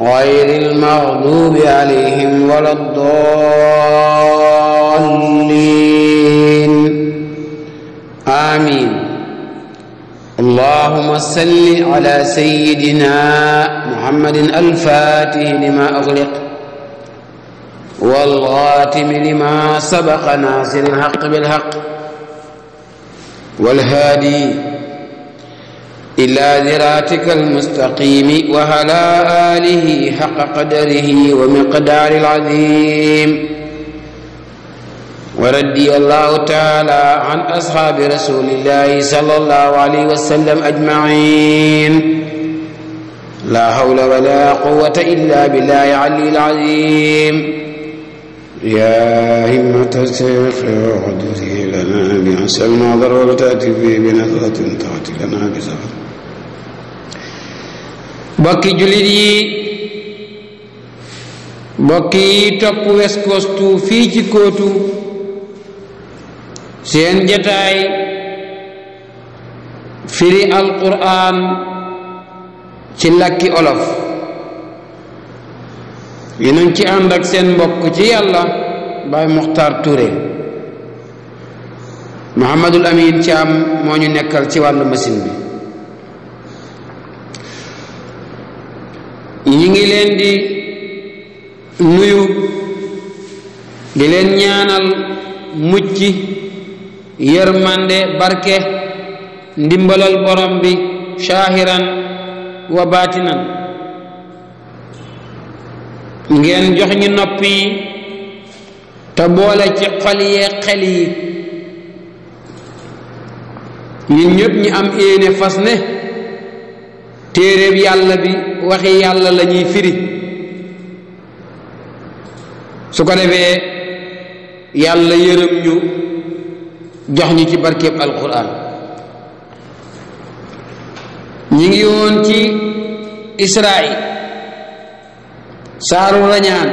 غير المغضوب عليهم ولا الضالين آمين اللهم صل على سيدنا محمد الفاتح لما أغلق والغاتم لما سبق ناصر الحق بالحق والهادي إلى ذراتك المستقيم وعلى آله حق قدره ومقدار العظيم وردي الله تعالى عن أصحاب رسول الله صلى الله عليه وسلم أجمعين لا حول ولا قوة إلا بالله العلي العظيم يا همة الشيخ وقدسه لنا بأسألنا ضرورة تأتي بنظرة تأتي لنا بسفر bokki jullit yi bokki yi topp West Coast fii ci kóotu seen jataay firi alquran ci lakki olof yéen ci ànd ak seen mbokk ci yàlla Baye Mokhtar Touré Mouhamadul Amin Thiam moo ñu nekkal ci wàllu machine bi ñingi leen di nuyu di leen ñaanal mucc yërmande barke ndimbalal borom bi chahiran wa baatinan ngeen jox ñu noppi yi te boole ci xol yee xel yi ñun ñëpp ñu am éene fas ne téeréeb yàlla bi waxi yàlla la ñuy firi su ko defee yàlla yërëm ñu jox ñu ci barkeeb alquran ñi ngi woon ci israil saaru rañaan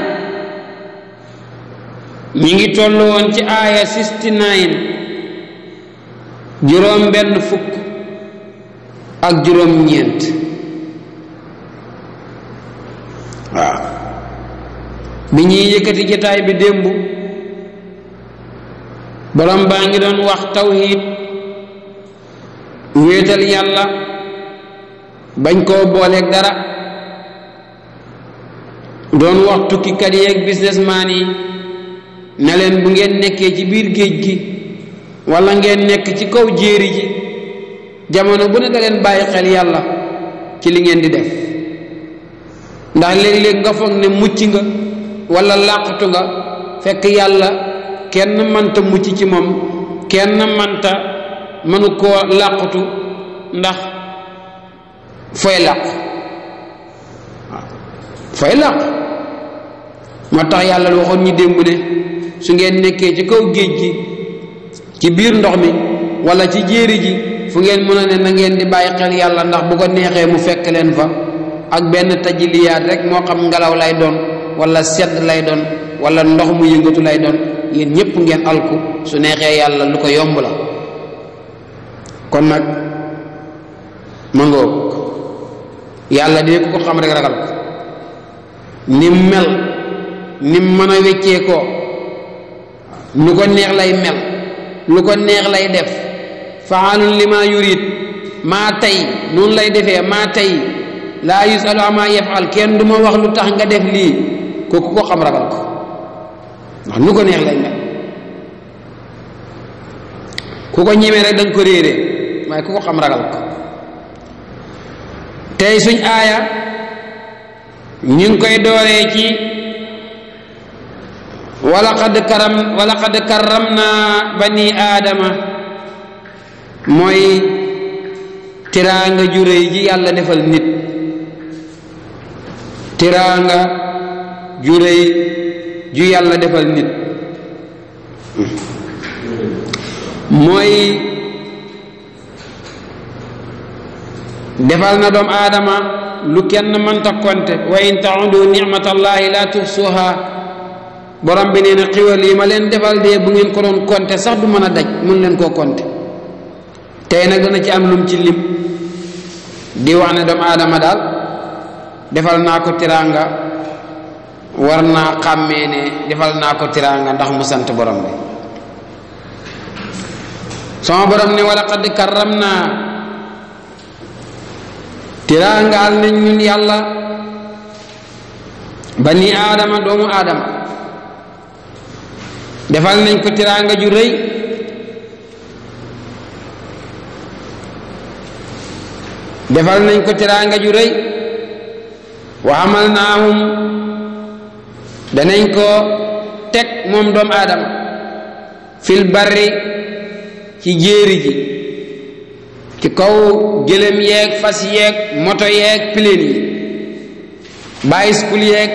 ñi ngi toll woon ci aaya sixty juróom benn fukk ak juróom ñeent bi yëkkati jataay bi démb borom baa ngi doon wax tawhid wéetal yàlla bañ koo booleeg dara doon wax tukkikat yi ak businessman yi ne leen bu ngeen nekkee ci biir géej gi walla ngeen nekk ci kaw jéeri ji jamono bu ne leen bàyyi xel yàlla ci li ngeen di def ndax léeg-léeg nga foog ne mucc nga wala laqtu nga fekk yalla kenn manta mucc ci mom kenn manta manu ko laqtu ndax fay laq fay laq moo tax yàlla waxoon ñi dembu ne su ngeen nekké ci kaw geej gi ci biir ndox mi wala ci jéeri ji fu ngeen mëna na ngeen di bàyyi xel yàlla ndax bu ko neexee mu fekk leen fa ak benn rek moo xam ngalaw lay doon wala sedd lay doon walla ndox mu yëngatu lay doon yéen ñëpp ngeen alku su neexee yàlla lu ko yomb la kon nag mangoo yàlla dina ku ko xam rek ragal ko ni mel ni mën a weccee koo nu ko neex lay mel lu ko neex lay def faalun li ma yurid maa tey noonu lay defee maa tey laa yusalu ama yafal kenn du wax lu tax nga def lii kooku koo xam ragal ko nu ko neex lay mel ku ko ñemee rek dañ ko réeree waaye ku ko xam ragal ko tey suñ aaya ñu ngi koy dooree ci walaqad karam walaqad karam naa bani aadama mooy tiraanga ju réy ji yàlla defal nit tiraanga ju rëy yàlla defal nit mooy defal na doomu aadama lu kenn mënta konte wa in taudu nicmatallahi la tuhsuha borom bi nee na xiwal yi ma leen defal dee bu ngeen ko doon konte sax du mën a daj mën leen koo konte tey nag dana ci am lum ci lim di wax ne doomu aadama daal defal naa ko tiraanga warna xamé xàmmee ne defal na ko tiranga ndax mu sant borom bi sama borom ne wala qad karram tiranga al ni ñun yalla bani adam doomu adam. defal nañ ko tiranga ju rëy defal nañ ko tiranga ju rëy wa amalnahum danañ ko teg moom doomu aadama fil barri ci jéeri ji ci kaw gëlëm yeeg fas yeeg moto yeeg pileen yi bicycle yeeg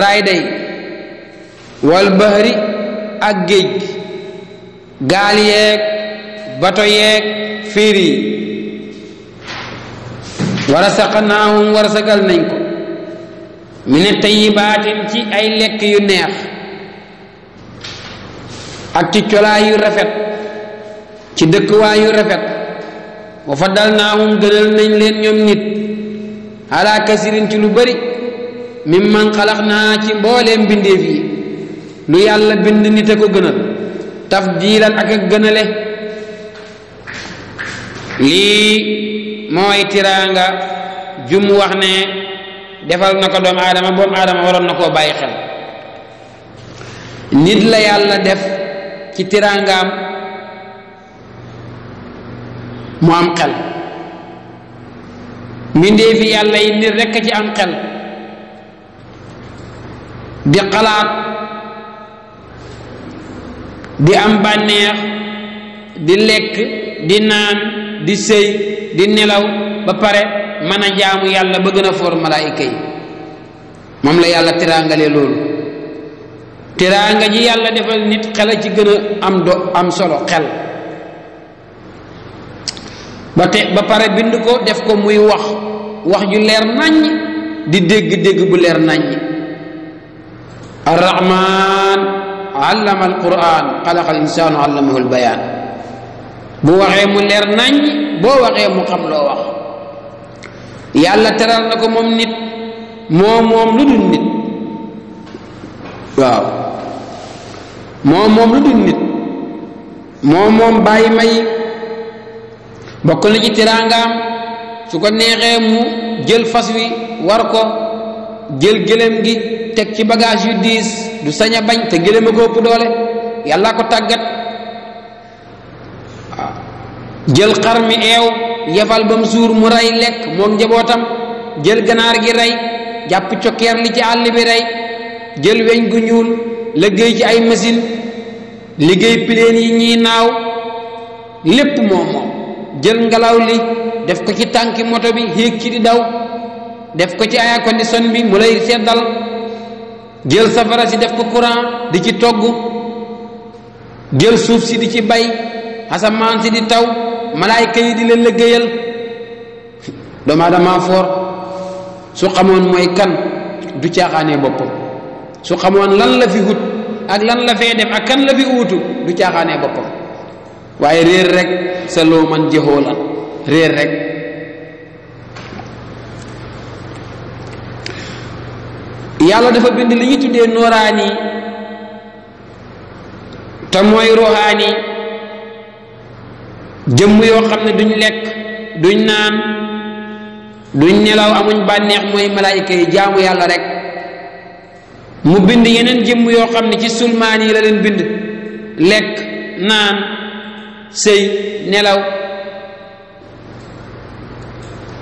rayda yi wal ak géej gi gaal yeeg bato yeeg féeri yi warasaqnaahum warasagal nañ ko mine tayibaatin ci ay lekk yu neex ak ci colaay yu rafet ci dëkkuwaay yu rafet wa faddalnaahum gënal nañ leen ñoom nit ala kasirin ci lu bari mimman xalaqnaa ci mbooleem bindeef yi lu yàlla bind nit a ko gënal tafdiilan ak ak gënale lii mooy tiraanga jum wax ne defal na ko doomu aadama boomu aadama waroon na koo bàyyi xel nit la yàlla def ci tiraangam mu am xel mbindeefi yàlla yi nit rekk ci am xel di xalaat di am bànneex di lekk di naan di sëy di nelaw ba pare mana jamu jaamu yàlla ba gën a foor yi mom la yalla tirangalé lool tiranga ji yalla defal nit xel ci gëna am do am solo xel ba té ba paré bind ko def ko muy wax wax ju leer nañ di dégg-dégg bu leer ar-rahman allama qalaqa al insaanu allamahu al-bayan bu mu leer nañ bo mu xam lo wax yàlla teral na ko moom nit moo moom lu dul nit waaw moo moom lu dul nit moo moom bàyyi may bokk na ci teraangaam su ko neexee mu jël fas wi war ko jël gëléem gi teg ci bagage yu diis du sañ a bañ te gëléem a ko ëpp doole yàlla ko tàggat jël xar mi eew yefal ba mu suur mu rey lekk moom njabootam jël ganaar gi rey jàpp cokkeer li ci àll bi rey jël weñ gu ñuul liggéey ci ay machine liggéey pileen yi ñuy naaw lépp moom moom jël ngelaw li def ko ci tànki moto bi yéeg ci di daw def ko ci air condition bi mu lay seddal jël safara si def ko courant di ci togg jël suuf si di ci bay asamaan si di taw malaayka yi di leen liggéeyal doomu aadama foor su xamoon mooy kan du caaxaanee boppam su xamoon lan la fi hut ak lan la fee dem ak kan la fi uutu du caaxaanee boppam waaye réer rek sa loo man jëxoo la réer rek yàlla dafa bind li ñu tuddee nooraani te mooy ruhaani jëmm yoo xam ne duñ lekk duñ naan duñ nelaw amuñ bànneex mooy malaayika yi jaamu yàlla rek mu bind yeneen jëmm yoo xam ne ci sulmaan yi la leen bind lekk naan sëy nelaw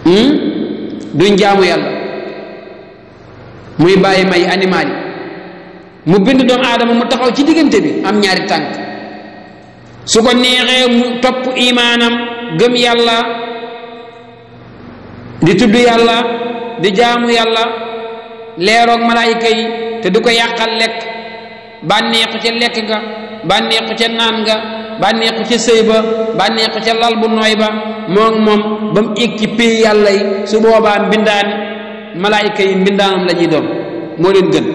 hmm? duñ jaamu yàlla muy bàyyi may animal yi mu bind doomu aadama mu taxaw ci diggante bi am ñaari tànk su ko neexee mu topp imaanam gëm yàlla di tudd yàlla di jaamu yàlla leeroog malaayika yi te du ko yàqal lekk bànneexu ca lekk nga bànneexu ca naan nga bànneexu ca sëy ba bànneexu ca lal bu nooy ba moom moom ba mu ig ci pay yi su boobaa mbindaan malaayika yi mbindaanam la ñuy doon moo leen gën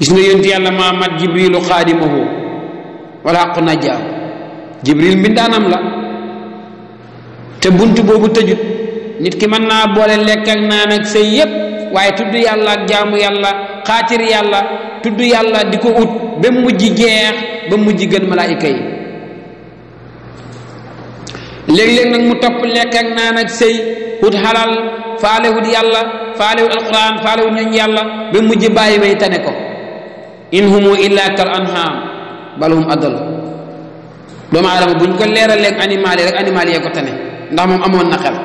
gis nga yonti yàlla Muhammad jibrilu xaadimahu wala xaqu najjaa jibril mbindaanam la te bunt boobu tëjut nit ki mën naa boole lekk ak naan ak sëy yépp waaye tudd yàlla ak jaamu yàlla xaatir yàlla tudd yàlla di ko ut ba mujj jeex ba mujj gën malaayika yi léeg-léeg nag mu topp lekk ak naan ak sëy ut xalal faale ut yàlla faale ut alquran faale ut ñooñ yàlla ba mujj bàyyi may tane ko in humu kal anhaam balhum addal doomu aadama bu ñu ko leeral ak animal yi rek animal yee ko tane ndax moom amoon na xel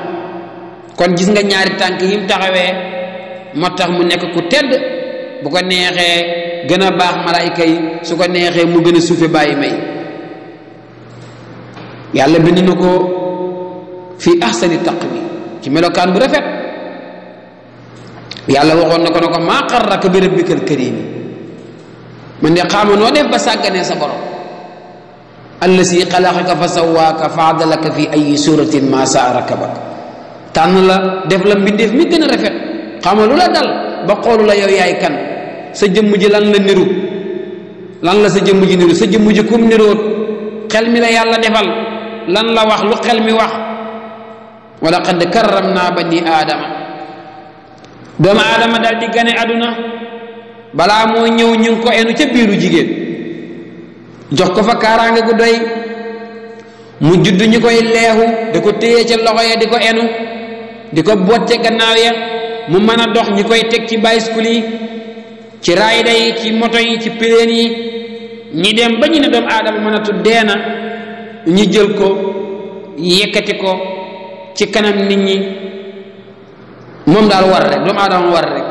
kon gis nga ñaari tànk yi mu taxawee moo tax mu nekk ku tedd bu ko neexee gën a baax malaayka yi su ko neexee mu gën a suufe bàyyi may yàlla bind na ko fii ahsani taqwi ci melokaan bu rafet yàlla waxoon na ko ne ko maa xarraka bi rabbikal karim من يقام ودف بساكن يصبر الذي خلقك فسواك فعدلك في اي سوره ما سأركبك تان لا دفل لام بيديف مي غن رافيت خامل لا دال بقول لا يو ياي كان سا جيم جي لان لا نيرو لان لا سا جيم جي نيرو سا جيم جي كوم لا يالا دفل لن لا واخ لو خيل ولقد كرمنا بني ادم دوم ادم دال دي غني ادونا balaa moo ñëw ñu ngi ko enu ca biiru jigéen jox ko fa kaaraange gu doy mu judd ñu koy leexu da ko téye ca loxo ya di ko enu di ko boot ca gannaaw ya mu mën a dox ñi koy teg ci bicycle yi ci rayda yi ci moto yi ci pileen yi ñi dem ba ñu ne doomu aadama mën a tuddee na ñi jël ko yëkkati ko ci kanam nit ñi moom daal war rek doomu aadama war rek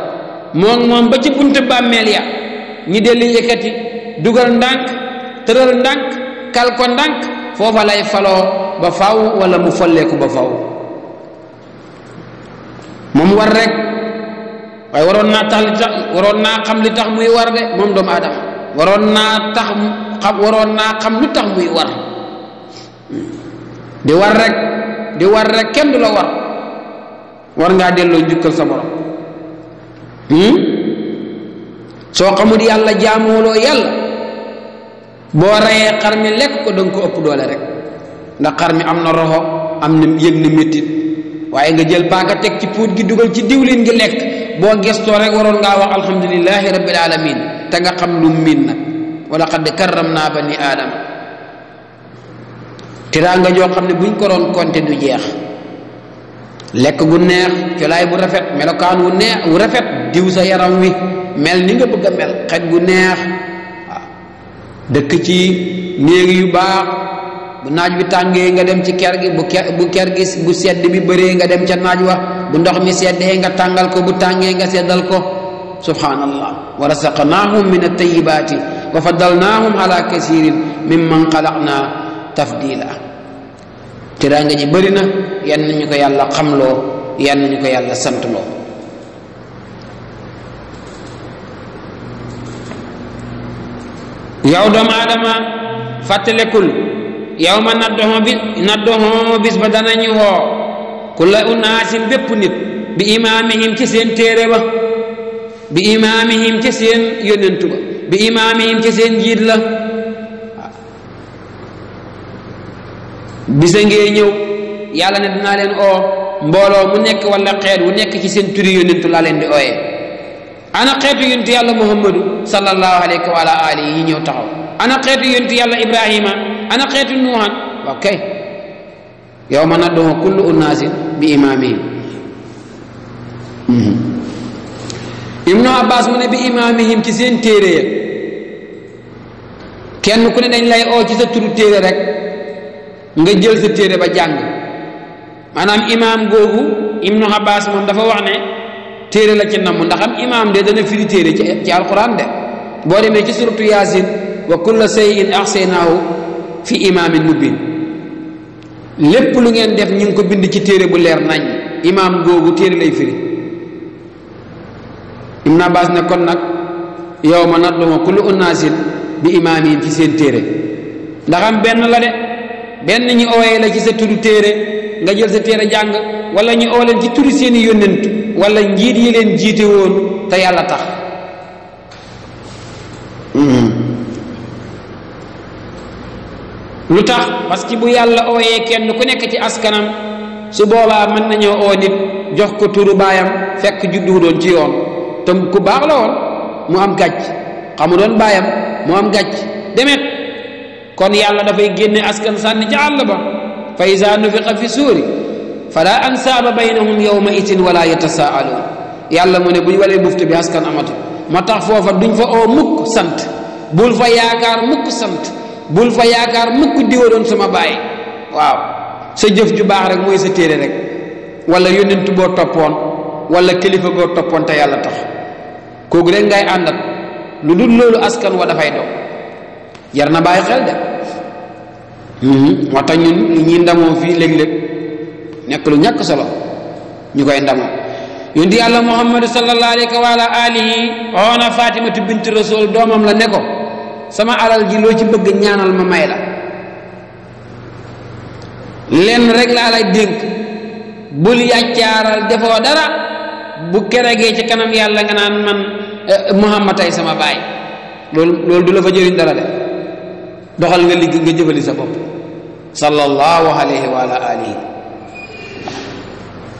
moom ya. mom ba ci buntu bammel ya ñi delli yekati dugal ndank teural ndank kal ko ndank fofa lay falo, ba faaw wala mu folleeku ba faaw mom war rek way waron na tax li tax waron na xam li tax muy war de mom doomu adam waron na tax xam waron na xam lu tax muy war di war rek di war rek kenn du la war war nga delo njukkal sa borom Hmm? soo xamul yàlla jaamooloo yàlla boo reyee xar mi lekk ko danga ko ëpp doole rek ndax xar mi am na roxo am na yëg na méttit waaye nga jël paaka teg ci puut gi dugal ci diwlin gi lekk boo gestoo rek waroon nga wax alhamdulilahi rabbil alamin te nga xam lu miin nag wala xad karram naa te aadama nga joo xam ne buñ ko doon konte du jeex lekk gu neex colaay bu rafet melokaan wu neex wu rafet diw sa yaram wi mel ni nga bëgg mel xet gu neex waaw dëkk ci néeg yu baax bu naaj bi tàngee nga dem ci ker gi bu ker bu ker gi bu sedd bi bëree nga dem ca naaj wa bu ndox mi seddee nga tàngal ko bu tàngee nga seddal ko subhaanallah wa rasaqnaahum min at-tayyibaati wa faddalnaahum ala kasiirin mimman xalaqnaa tafdiila teraanga ji bëri na yan nañu ko yàlla xamloo yan nañu ko yàlla santloo yow doomu aadama fàttalekul yow ma naddoxo bi naddoxo bis ba danañu woo ku la unaasin bépp nit bi imaamihim ci seen téere ba bi imaamihim ci seen yónnentu ba bi imaamihim ci seen njiit la bisa ngee ñëw yàlla ne dinaa leen oo mbooloo mu nekk wala xeet wu nekk ci seen turi yónnentu laa leen di ooyee ana xeetu yónent yàlla muhammadu sallallahu alayhi wa ala alihi yi ñëw taxaw ana xeetu yónent yàlla ibrahima ana xeetu nuuhan ok yawma nad'u kullu unaasin bi imaamihim mhm. ibnu abbas mu ne bi imaamihim ci seen téere ya kenn ku ne dañ lay oo ci sa turu téere rek nga jël sa téere ba jàng maanaam imaam googu ibnu Abbas moom dafa wax ne téere la ci namm ndax am imaam de dana firi téere ci ci alquran de boo demee ci suratu yaasin wa kulla shay'in ahsaynaahu fi imaamin mubin lépp lu ngeen def ñu ngi ko bind ci téere bu leer nañ imaam googu téere lay firi ibnu Abbas ne kon nag yow ma naduma kullu unaasin bi imaam yi ci seen téere ndax benn la de benn ñu ooyee la ci sa turu téere nga jël sa téere jàng wala ñu oo leen ci turu seeni yónnent wala njiit yi leen jiite woon te yàlla tax mm-hmm. lu tax parce que bu yàlla ooyee kenn ku nekk ci askanam su boobaa mën nañoo oo nit jox ko turu baayam fekk juddu doon ci yoon te ku baax la woon mu am gàcc xamu doon baayam mu am gàcc demet kon yàlla dafay génne askan sànni ca àll ba fa iza nufiqa fi suuri fala ansaaba baynahum yawma itin wala yatasaaluun yàlla mu ne bu ñu walee bufte bi askan amatu moo tax foofa duñ fa oo mukk sant bul fa yaakaar mukk sant bul fa yaakaar mukk diwa doon sama baay waaw sa jëf ju baax rek mooy sa téere rek wala yónnent boo toppoon wala kilifa boo toppoon te yàlla tax kooku rek ngay àndat lu dul loolu askan wa dafay dox jar na bàyyi xel de moo ñun ñi ndamo fi leg leg léeg lu ñak solo ñu koy yundi yàlla muhammad sallallahu alayhi wa ala alihi ona fatimatu bint rasul domam la neko sama alal ji lo ci bëgg ñaanal ma may la len rek la lay bu li yaccaral defo dara bu ci kanam yalla nga nan man eh, muhammad ay sama bay lol lol du la fa jëriñ dara def doxal nga ligg nga jëfali sa bopp sallallahu alayhi wa ala alihi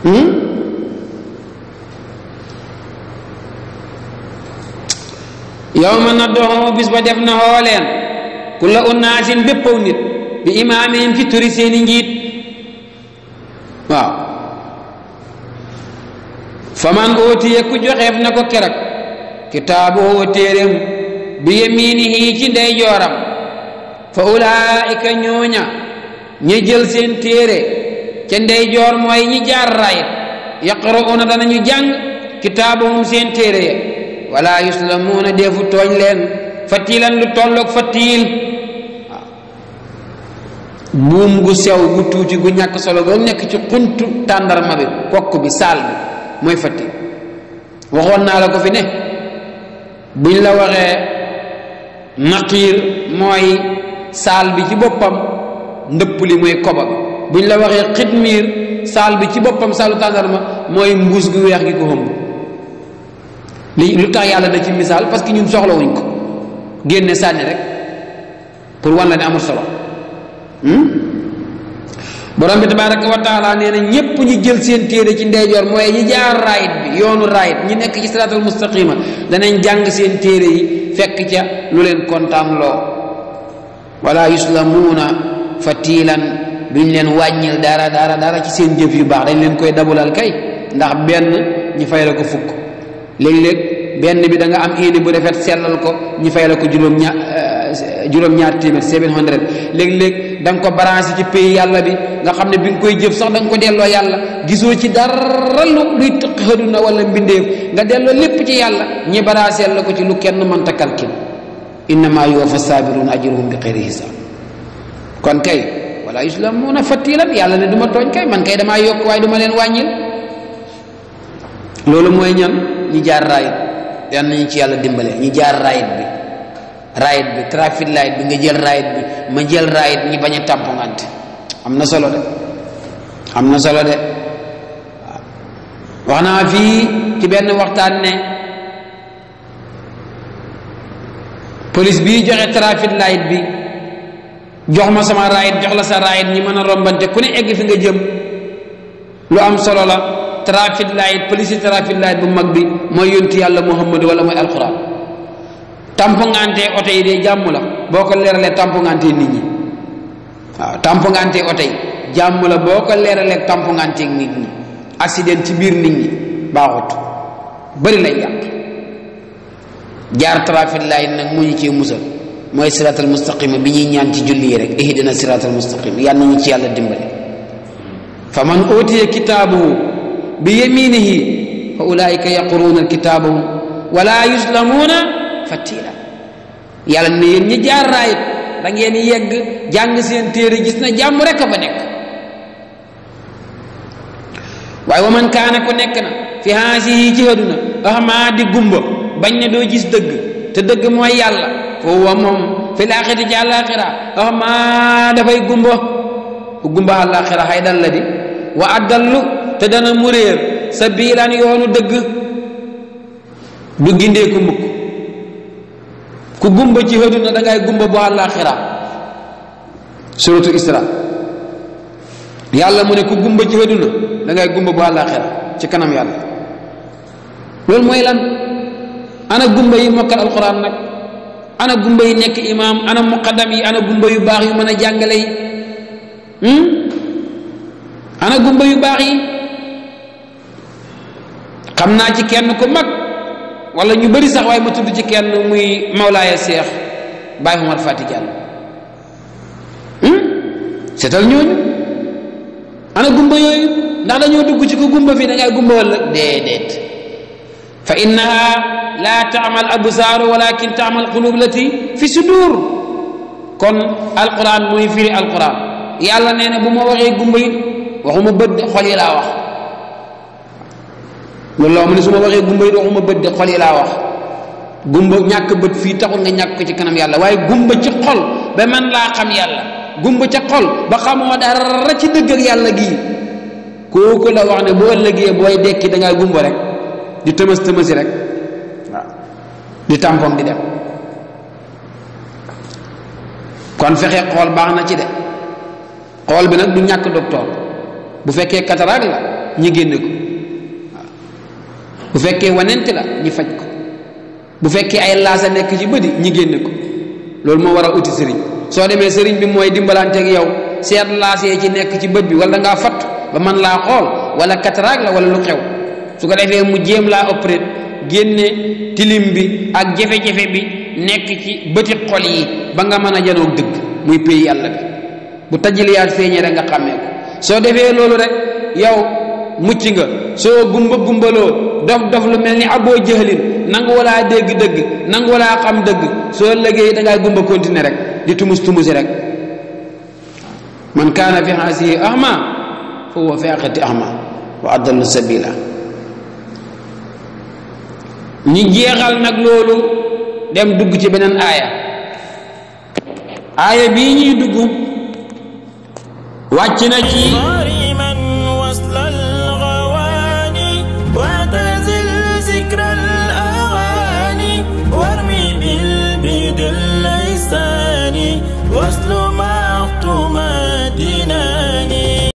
hmm? yawma ma na bis ba def na kula ku la nit bi imamihim fi turi seeni ngit wa faman ootiye ku joxef nako ko kerak wa terem bi yeminihi ci ndey joram fa ulaika ñooña ña jël seen téere ca ndeyjoor mooy ñi jaar raayit yaqra'uuna danañu jàng kitaabahum seen téere ya wala yuslamuuna deefu tooñ leen fatiilan lu tolloog fatiil buum gu sew gu tuuti gu ñàkk solo ga nekk ci xuntu tàndarma bi kokk bi saal bi mooy fatiil waxoon naa la ko fi ne buñ la waxee naqiir mooy saal bi ci boppam ndëpp li mooy koba buñ la waxee xitmiir saal bi ci boppam saalu tàndarma mooy mbuus gu weex gi ko xëmb li lu tax yàlla da ci misaal parce que ñun wuñ ko génne sànni rek pour wan la ne amul solo hmm? borom bi tabaraka wa taala nee na ñépp ñi jël seen téere ci ndeyjoor mooy ñi jaar raayit bi yoonu raayit ñi nekk ci siraatal mustaqima danañ jàng seen téere yi fekk ca lu leen kontaan loo wala yuslamuuna fatiilan duñ leen wàññil dara dara dara ci seen jëf yu baax dañ leen koy dabulal kay ndax benn ñi fay la ko fukk léeg-léeg benn bi da nga am yéene bu rafet sellal ko ñi fay la ko juróom ñaar euh, juróom-ñaar téeméer seven hundred léeg-léeg danga nga ko branché ci pays yàlla bi nga xam ne bi nga koy jëf sax da ko delloo yàlla gisoo ci dara lu luy xëduna wala mbindeef nga delloo lépp ci yàlla ñi balaa la ko ci lu kenn mënta calcul innama yuwafa saabirun ajruhum bi xayri hisaab kon kay wala yuslamuuna fattilan yàlla ne du ma tooñ kay man kay damaa yokk waaye du ma leen wàññil loolu mooy ñan ñi jaar raayit yal nañu ci yàlla dimbale ñi jaar raayit bi raayit bi trafic light bi nga jël raayit bi ma jël raayit ñi bañ a tàmpongante am na solo de am na solo de wax naa fii ci benn waxtaan ne police bi joxe trafic light bi jox ma sama ride jox la sa ride ñi mën rombante ku ne egg fi nga jëm lu am solo la trafic light police trafic light bu mag bi moy yonti yalla muhammad wala moy alquran tampo ngante yi de jàmm la boko leralé leeralee ngante nit ñi waaw tampo ngante oto yi jàmm la boko leralé nit ñi accident ci bir nit ñi baaxut bari lay jaar tarafillaahi nag moo ñu ciy musal mooy siraatal mustaqima bi ñuy ñaan ci julli yi rek ihdina siraatal mustaqima yal na ñu ci yàlla dimbale fa man utiya kitaabahu bi yaminihi fa ulaayika yaquruuna alkitaabahu wala yuslamuuna fatiila yàlla ne yéen ñi jaar raayit da ngeen yegg jàng seen téere gis na jàmm rek a fa nekk waaye wa man kaana ku nekk na fi haasihi ci àdduna ahmaa di gumba bañ ne doo gis dëgg te dëgg mooy yàlla foowa moom fi laaxiti ci àllaaxira axamaa dafay gumba ku gumba àllaaxira xay dal la di wa addallu te dana mu réer sa biilaan yoonu dëgg du gindee ku mukk ku gumba ci àddina da gumba bu àllaaxira yàlla mu ne gumba ci àddina da ngay ci kanam yàlla loolu mooy lan ana gumba yi mokkal alquran nag ana gumba yi nekk imaam ana muqaddam yi ana gumba yu baax mën a jàngale yi hmm? ana yu baax xam naa ci kenn ku mag wala ñu bari sax waaye ma tudd ci kenn muy Mawlaaya Seex Baay Umar Fati Jàll hmm? seetal ñooñu ana gumba yooyu ndax dañoo dugg ci ko gumba fii da ngaa gumba wala déedéet fa innaha لا تعمل أبصار ولكن تعمل قلوب التي في سدور كن القرآن ويفري القرآن يا الله نين بوما وغي قمبي وهم بد خلي لا وح والله من سوما وغي قمبي وهم بد خلي لا وح قمب نيك بد في تقول نيك كذي كنام يا الله واي قمب تقول بمن لا قم يا الله قمب تقول بخام ودار رتشد قل جي كوكو لا وعنا بول لجي بوي ديك كده قمب رك دي تمس تمس رك di tampon di dem kon fexe xool baax na ci de xool bi nag du ñàkk docteur bu fekkee cataracte la ñi génne ko bu fekkee wanent la ñi faj ko bu fekkee ay laasa nekk ci bëdi ñi génne ko loolu moo war a uti sëriñ soo demee sëriñ bi mooy dimbalanteeg yow seet laas yee ci nekk ci bët bi wala ngaa fatt ba man laa xool wala cataracte la wala lu xew su ko defee mu jéem laa opéré génne tilim bi ak jafe-jafe bi nekk ci bëti xol yi ba nga mën a janoog dëgg muy pay yàlla bi bu tajiliyaat feeñee rek nga xàmmee ko soo defee loolu rek yow mucc nga soo gumba gumbaloo dof dof lu mel ni aboo jëhlin nangu walaa dégg dëgg nangu walaa xam dëgg soo lëggéey da ngaa gumba continuer rek di tumus tumusi rek man kaana fi haasihi ahma fa huwa fi axirati ahma wa adallu sabila ñi jeexal nag loolu dem dugg ci beneen aaya aaya bii ñuy dugg wàcc na ci